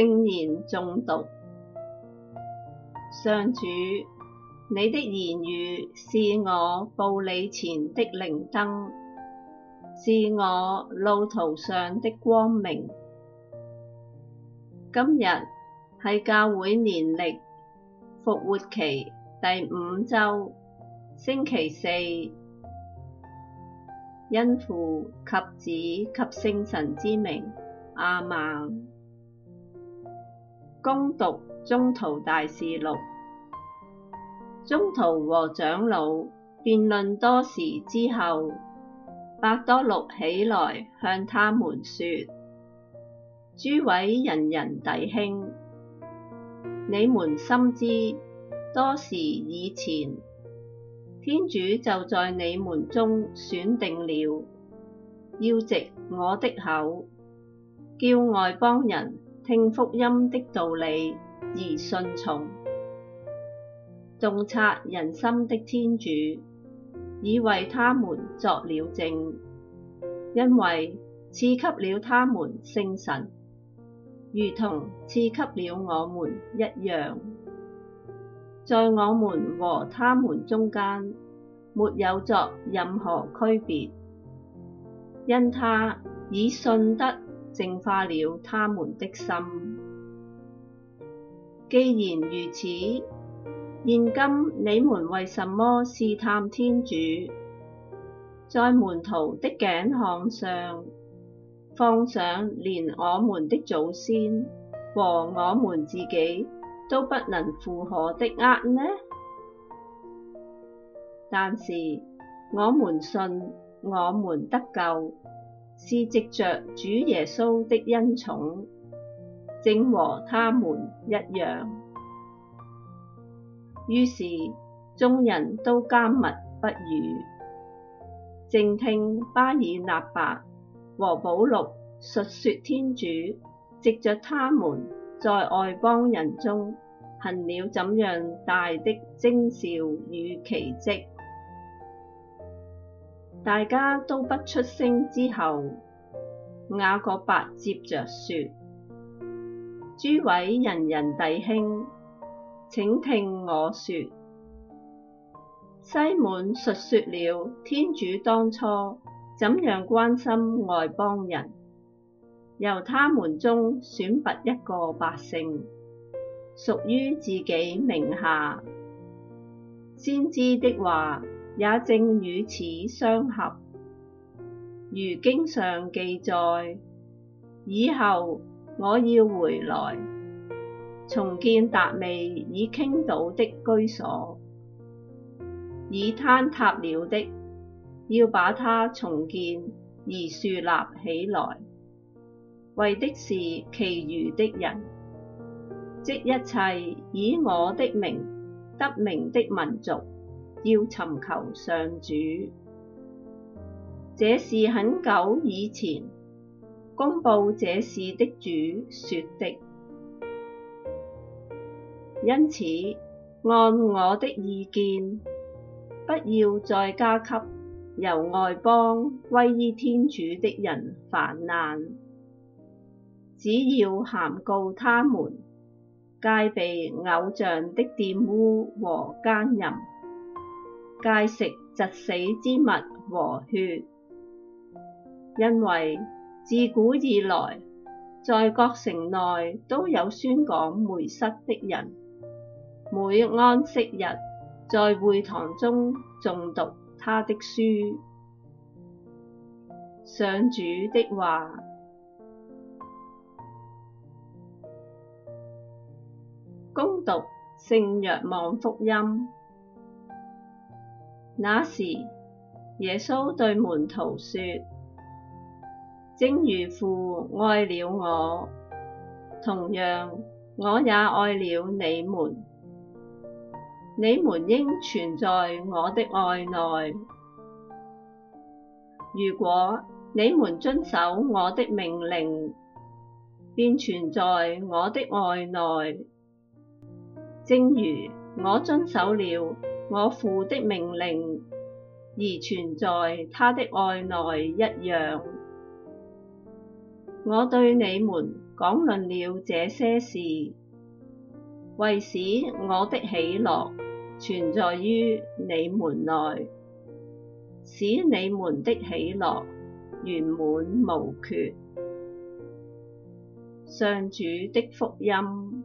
聖言誦讀，上主，你的言語是我步履前的靈燈，是我路途上的光明。今日係教會年曆復活期第五周星期四，因父及子及聖神之名，亞孟。恭讀宗徒大事錄，宗徒和長老辯論多時之後，伯多祿起來向他們說：諸位仁人弟兄，你們深知多時以前，天主就在你們中選定了，要藉我的口，叫外邦人。聽福音的道理而信從，洞察人心的天主，已為他們作了證，因為賜給了他們聖神，如同賜給了我們一樣，在我們和他們中間沒有作任何區別，因他以信德。淨化了他們的心。既然如此，現今你們為什麼試探天主，在門徒的頸項上，放上連我們的祖先和我們自己都不能負荷的軛呢？但是我們信，我們得救。是藉着主耶穌的恩寵，正和他們一樣。於是眾人都緘默不語，靜聽巴爾納伯和保祿述説天主藉着他們在外邦人中，行了怎樣大的徵兆與奇蹟。大家都不出聲之後，雅各伯接着說：「諸位仁人弟兄，請聽我説。西滿述説了天主當初怎樣關心外邦人，由他們中選拔一個百姓，屬於自己名下。先知的話，也正與此相合。如經上記載，以後我要回來，重建達味已傾倒的居所，已坍塌了的，要把它重建而豎立起來，為的是其餘的人，即一切以我的名得名的民族。要尋求上主，這是很久以前公佈這事的主說的。因此，按我的意見，不要再加給由外邦歸依天主的人煩難，只要函告他們戒避偶像的玷污和奸淫。戒食窒死之物和血，因為自古以來，在各城內都有宣講梅瑟的人，每安息日在會堂中誦讀他的書。上主的話。恭讀聖若望福音。那時，耶穌對門徒說：「正如父愛了我，同樣我也愛了你們。你們應存在我的愛內。如果你們遵守我的命令，便存在我的愛內。正如我遵守了，我父的命令而存在他的愛內一樣，我對你們講論了這些事，為使我的喜樂存在於你們內，使你們的喜樂圓滿無缺。上主的福音。